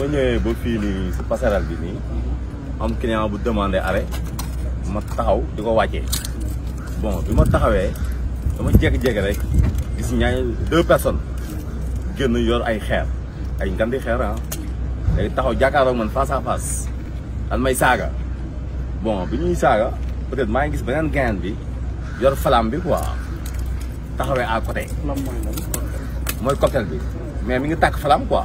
boo ñëwee ba fii nii si passerelle bi nii am client bu demandé arrêt ma taxaw di ko wàccee bon bi ma taxawee dama jékki-jékki rek gis ñaar deux personnes génn yor ay xeer ay ngandi xeer ah léegi taxaw jàkkaarloog man face à face may saaga bon bi ñuy saaga peut-être maa ngi gis beneen gain bi yor flamme bi quoi taxawee à côté. mooy cocktail bi mais mi ngi takk flamme quoi.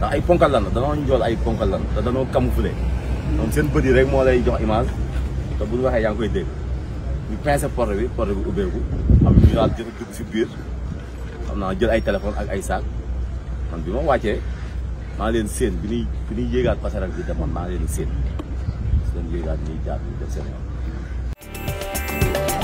da iphone kalan da non jol iphone kalan da da no camoufler non sen beuri rek mo lay jox image da bu waxe yang koy deg ni pensé porte bi porte bi ubeku am ni dal jël dug ci bir am na jël ay téléphone ak ay sac man bima wacce ma len sen bi ni bi ni yegal passer ak di demone ma len sen sen yegal ni jaar ni def sen Thank you.